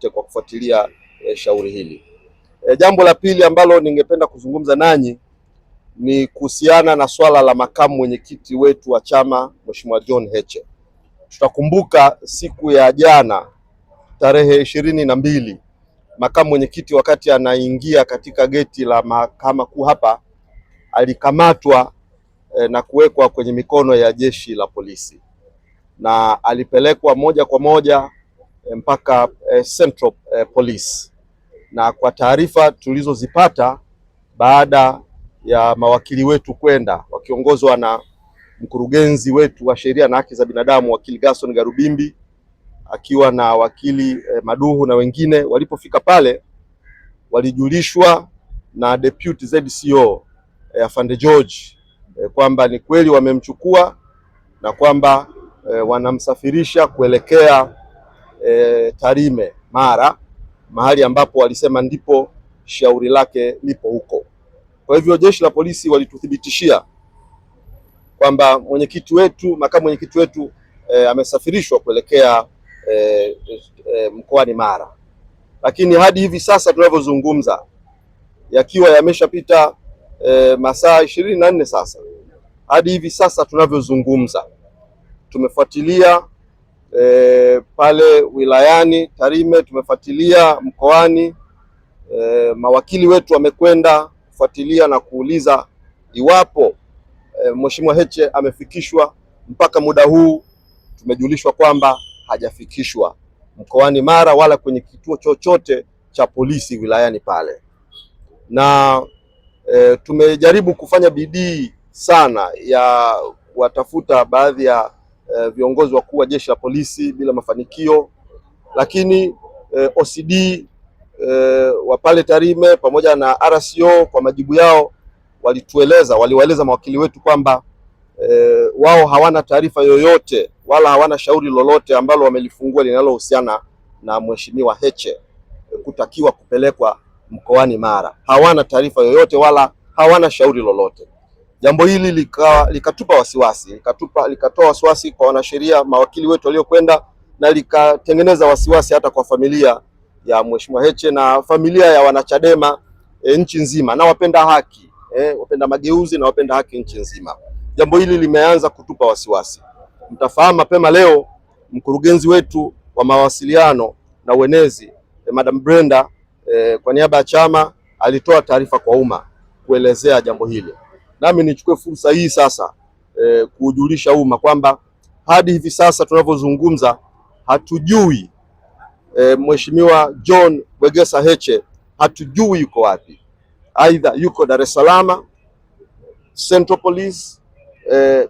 kwa kufuatilia e, shauri hili. E, jambo la pili ambalo ningependa kuzungumza nanyi ni kuhusiana na swala la makamu mwenyekiti wetu wa chama Mheshimiwa John Heche. Tutakumbuka siku ya jana tarehe ishirini na mbili makamu mwenyekiti wakati anaingia katika geti la mahakama kuu hapa alikamatwa e, na kuwekwa kwenye mikono ya jeshi la polisi na alipelekwa moja kwa moja Eh, mpaka eh, Central eh, Police, na kwa taarifa tulizozipata baada ya mawakili wetu kwenda wakiongozwa na mkurugenzi wetu wa sheria na haki za binadamu wakili Gaston Garubimbi akiwa na wakili eh, Maduhu na wengine, walipofika pale walijulishwa na deputy ZCO eh, Afande George eh, kwamba ni kweli wamemchukua na kwamba eh, wanamsafirisha kuelekea e, Tarime Mara, mahali ambapo walisema ndipo shauri lake lipo huko. Kwa hivyo jeshi la polisi walituthibitishia kwamba mwenyekiti wetu, makamu mwenyekiti wetu e, amesafirishwa kuelekea e, e, mkoani Mara, lakini hadi hivi sasa tunavyozungumza, yakiwa yameshapita e, masaa ishirini na nne sasa, hadi hivi sasa tunavyozungumza tumefuatilia e, pale wilayani Tarime, tumefuatilia mkoani e, mawakili wetu wamekwenda kufuatilia na kuuliza iwapo e, Mheshimiwa Heche amefikishwa. Mpaka muda huu tumejulishwa kwamba hajafikishwa mkoani Mara wala kwenye kituo chochote cha polisi wilayani pale, na e, tumejaribu kufanya bidii sana ya kuwatafuta baadhi ya eh, viongozi wakuu wa jeshi la polisi bila mafanikio, lakini eh, OCD eh, wa pale Tarime pamoja na RCO kwa majibu yao walitueleza, waliwaeleza mawakili wetu kwamba eh, wao hawana taarifa yoyote wala hawana shauri lolote ambalo wamelifungua linalohusiana na mheshimiwa Heche eh, kutakiwa kupelekwa mkoani Mara. Hawana taarifa yoyote wala hawana shauri lolote. Jambo hili lika, likatupa wasiwasi likatupa, likatoa wasiwasi kwa wanasheria mawakili wetu waliokwenda na likatengeneza wasiwasi hata kwa familia ya Mheshimiwa Heche na familia ya wanachadema e, nchi nzima na wapenda haki e, wapenda mageuzi na wapenda haki nchi nzima. Jambo hili limeanza kutupa wasiwasi. Mtafahamu mapema leo mkurugenzi wetu wa mawasiliano na uenezi e, Madam Brenda e, kwa niaba ya chama alitoa taarifa kwa umma kuelezea jambo hili nami nichukue fursa hii sasa eh, kuujulisha umma kwamba hadi hivi sasa tunavyozungumza hatujui eh, Mheshimiwa John Wegesa Heche hatujui yuko wapi, aidha yuko Dar es Salaam Central Police eh,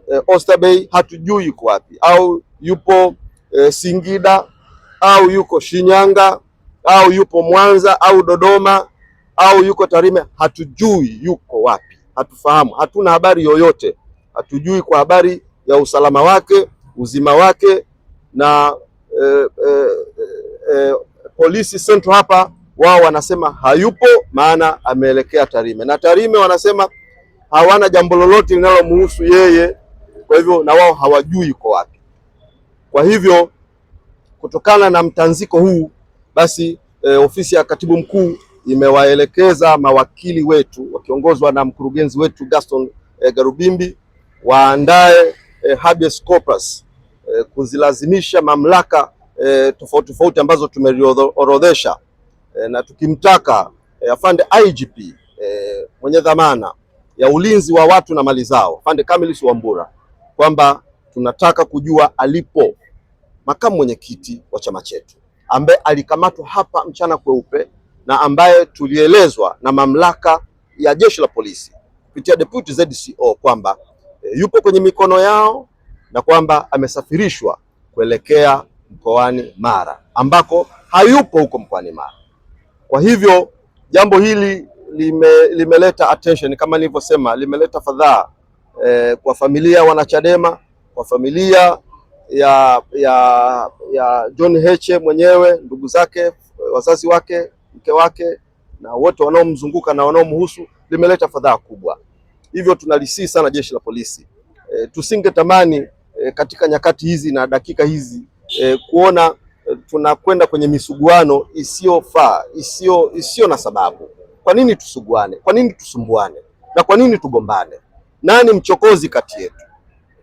e, Bay, hatujui yuko wapi, au yupo eh, Singida au yuko Shinyanga au yupo Mwanza au Dodoma au yuko Tarime, hatujui yuko wapi hatufahamu, hatuna habari yoyote, hatujui kwa habari ya usalama wake, uzima wake na eh, eh, eh, polisi sentro hapa wao wanasema hayupo, maana ameelekea Tarime na Tarime wanasema hawana jambo lolote linalomuhusu yeye, kwa hivyo na wao hawajui yuko wapi. Kwa hivyo kutokana na mtanziko huu basi, eh, ofisi ya katibu mkuu imewaelekeza mawakili wetu wakiongozwa na mkurugenzi wetu Gaston eh, Garubimbi waandae eh, habeas corpus eh, kuzilazimisha mamlaka eh, tofauti tofauti ambazo tumeliorodhesha eh, na tukimtaka eh, afande IGP eh, mwenye dhamana ya ulinzi wa watu na mali zao afande Kamilis Wambura kwamba tunataka kujua alipo makamu mwenyekiti wa chama chetu ambaye alikamatwa hapa mchana kweupe na ambaye tulielezwa na mamlaka ya jeshi la polisi kupitia deputy ZCO kwamba e, yupo kwenye mikono yao na kwamba amesafirishwa kuelekea mkoani Mara ambako hayupo huko mkoani Mara. Kwa hivyo jambo hili lime, limeleta attention kama nilivyosema, limeleta fadhaa e, kwa familia wanachadema, kwa familia ya, ya, ya John Heche mwenyewe, ndugu zake, wazazi wake mke wake na wote wanaomzunguka na wanaomhusu limeleta fadhaa kubwa. Hivyo tunalisii sana jeshi la polisi e, tusingetamani e, katika nyakati hizi na dakika hizi e, kuona e, tunakwenda kwenye misuguano isiyofaa isiyo isiyo na sababu. Kwa nini tusuguane? Kwa nini tusumbuane? Na kwa nini tugombane? Nani mchokozi kati yetu?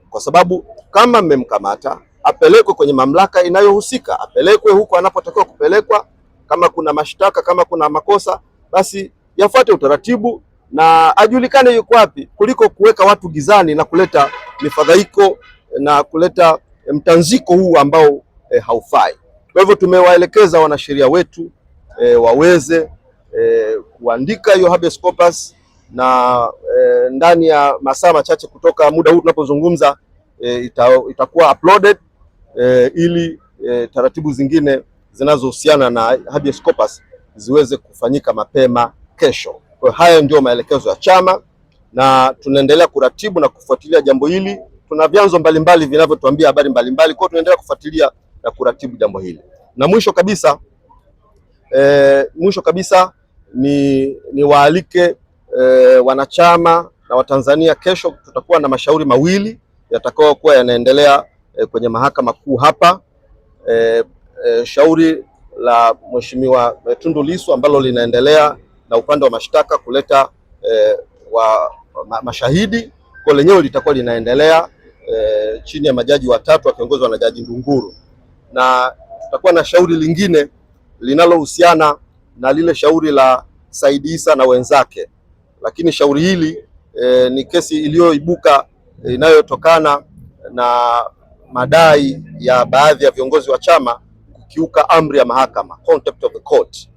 Kwa sababu kama mmemkamata, apelekwe kwenye mamlaka inayohusika, apelekwe huko anapotakiwa kupelekwa. Kama kuna mashtaka, kama kuna makosa, basi yafuate utaratibu na ajulikane yuko wapi, kuliko kuweka watu gizani na kuleta mifadhaiko na kuleta mtanziko huu ambao e, haufai. Kwa hivyo tumewaelekeza wanasheria wetu e, waweze e, kuandika hiyo habeas corpus na e, ndani ya masaa machache kutoka muda huu tunapozungumza e, ita, itakuwa uploaded e, ili e, taratibu zingine zinazohusiana na habeas corpus ziweze kufanyika mapema kesho. Kwa haya ndio maelekezo ya chama na tunaendelea kuratibu na kufuatilia jambo hili. Tuna vyanzo mbalimbali vinavyotuambia habari mbalimbali, kwa tunaendelea kufuatilia na kuratibu jambo hili. Na mwisho kabisa e, mwisho kabisa ni, ni waalike e, wanachama na Watanzania. Kesho tutakuwa na mashauri mawili yatakayokuwa yanaendelea e, kwenye mahakama kuu hapa e, e, shauri la Mheshimiwa Tundu Lissu ambalo linaendelea na upande wa mashtaka kuleta e, wa, ma, mashahidi kwa lenyewe litakuwa linaendelea e, chini ya majaji watatu wakiongozwa na Jaji Ndunguru, na tutakuwa na shauri lingine linalohusiana na lile shauri la Said Issa na wenzake, lakini shauri hili e, ni kesi iliyoibuka inayotokana na madai ya baadhi ya viongozi wa chama kukiuka amri ya mahakama, contempt of the court,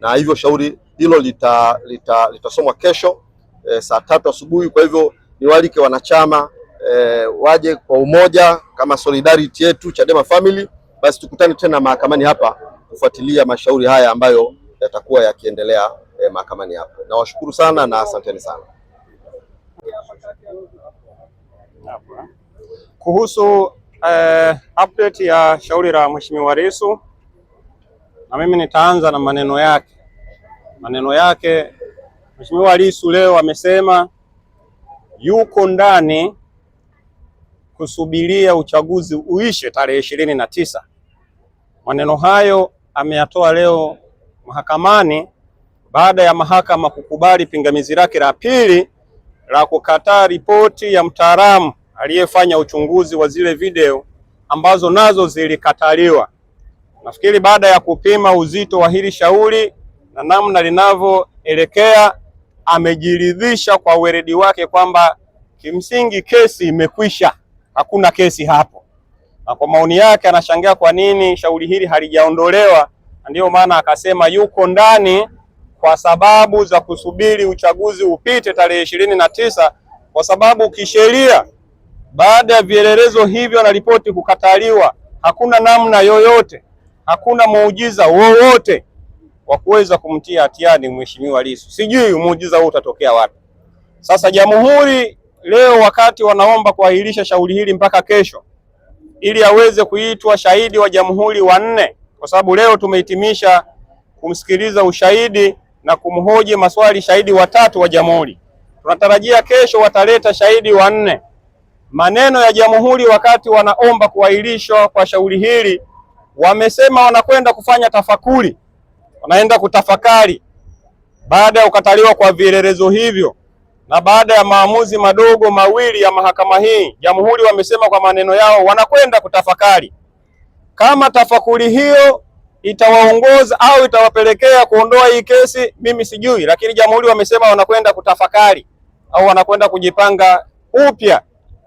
na hivyo shauri hilo litasomwa lita, lita kesho e, saa tatu asubuhi. Kwa hivyo walike wanachama e, waje kwa umoja kama solidarity yetu Chadema family, basi tukutane tena mahakamani hapa kufuatilia mashauri haya ambayo yatakuwa yakiendelea e, mahakamani hapo. Nawashukuru sana na asanteni sana. Kuhusu Uh, update ya shauri la Mheshimiwa Lissu na mimi nitaanza na maneno yake. Maneno yake Mheshimiwa Lissu leo amesema yuko ndani kusubiria uchaguzi uishe tarehe ishirini na tisa. Maneno hayo ameyatoa leo mahakamani baada ya mahakama kukubali pingamizi lake la pili la kukataa ripoti ya mtaalamu aliyefanya uchunguzi wa zile video ambazo nazo zilikataliwa. Nafikiri baada ya kupima uzito wa hili shauri na namna linavyoelekea, amejiridhisha kwa weredi wake kwamba kimsingi kesi imekwisha, hakuna kesi hapo, na kwa maoni yake anashangaa kwa nini shauri hili halijaondolewa. Ndiyo maana akasema yuko ndani kwa sababu za kusubiri uchaguzi upite tarehe ishirini na tisa kwa sababu kisheria baada ya vielelezo hivyo na ripoti kukataliwa, hakuna namna yoyote, hakuna muujiza wowote wa kuweza kumtia hatiani Mheshimiwa Lissu. Sijui muujiza huu utatokea wapi. Sasa jamhuri leo, wakati wanaomba kuahirisha shauri hili mpaka kesho, ili aweze kuitwa shahidi wa jamhuri wanne, kwa sababu leo tumehitimisha kumsikiliza ushahidi na kumhoji maswali shahidi watatu wa jamhuri. Tunatarajia kesho wataleta shahidi wanne maneno ya jamhuri wakati wanaomba kuahirishwa kwa shauri hili, wamesema wanakwenda kufanya tafakuri, wanaenda kutafakari baada ya kukataliwa kwa vielelezo hivyo na baada ya maamuzi madogo mawili ya mahakama hii. Jamhuri wamesema kwa maneno yao, wanakwenda kutafakari kama tafakuri hiyo itawaongoza au itawapelekea kuondoa hii kesi, mimi sijui, lakini jamhuri wamesema wanakwenda kutafakari au wanakwenda kujipanga upya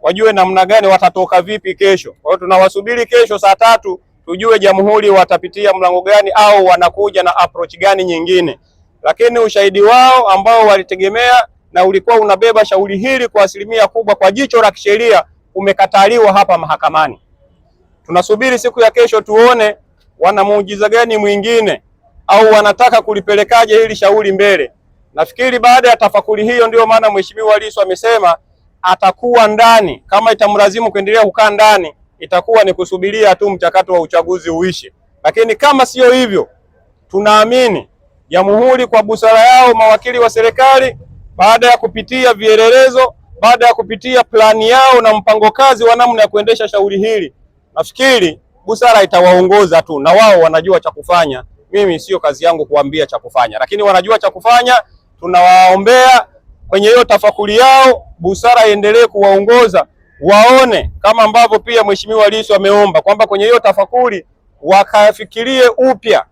wajue namna gani watatoka vipi kesho. Kwa hiyo tunawasubiri kesho saa tatu tujue Jamhuri watapitia mlango gani au wanakuja na approach gani nyingine, lakini ushahidi wao ambao walitegemea na ulikuwa unabeba shauri hili kwa asilimia kubwa kwa jicho la kisheria umekataliwa hapa mahakamani. Tunasubiri siku ya kesho tuone wana muujiza gani mwingine au wanataka kulipelekaje hili shauri mbele. Nafikiri baada ya tafakuri hiyo, ndiyo maana Mheshimiwa Lissu amesema atakuwa ndani. Kama itamlazimu kuendelea kukaa ndani, itakuwa ni kusubiria tu mchakato wa uchaguzi uishe, lakini kama siyo hivyo, tunaamini jamhuri kwa busara yao mawakili wa serikali, baada ya kupitia vielelezo, baada ya kupitia plani yao na mpango kazi wa namna ya kuendesha shauri hili, nafikiri busara itawaongoza tu, na wao wanajua cha kufanya. Mimi siyo kazi yangu kuambia cha kufanya, lakini wanajua cha kufanya. Tunawaombea kwenye hiyo tafakuri yao, busara iendelee kuwaongoza waone, kama ambavyo pia Mheshimiwa Lissu ameomba kwamba kwenye hiyo tafakuri wakafikirie upya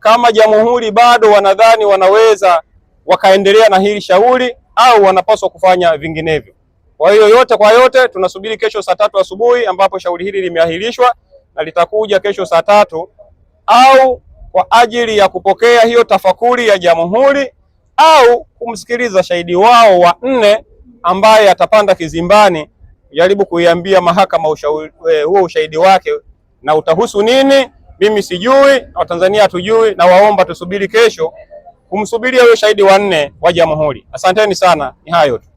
kama jamhuri bado wanadhani wanaweza wakaendelea na hili shauri au wanapaswa kufanya vinginevyo. Kwa hiyo yote kwa yote, tunasubiri kesho saa tatu asubuhi ambapo shauri hili limeahirishwa na litakuja kesho saa tatu au kwa ajili ya kupokea hiyo tafakuri ya jamhuri au kumsikiliza shahidi wao wa nne ambaye atapanda kizimbani jaribu kuiambia mahakama e, huo ushahidi wake, na utahusu nini? Mimi sijui na Watanzania hatujui, na waomba tusubiri kesho kumsubiria huyo shahidi wa nne wa Jamhuri. Asanteni sana, ni hayo tu.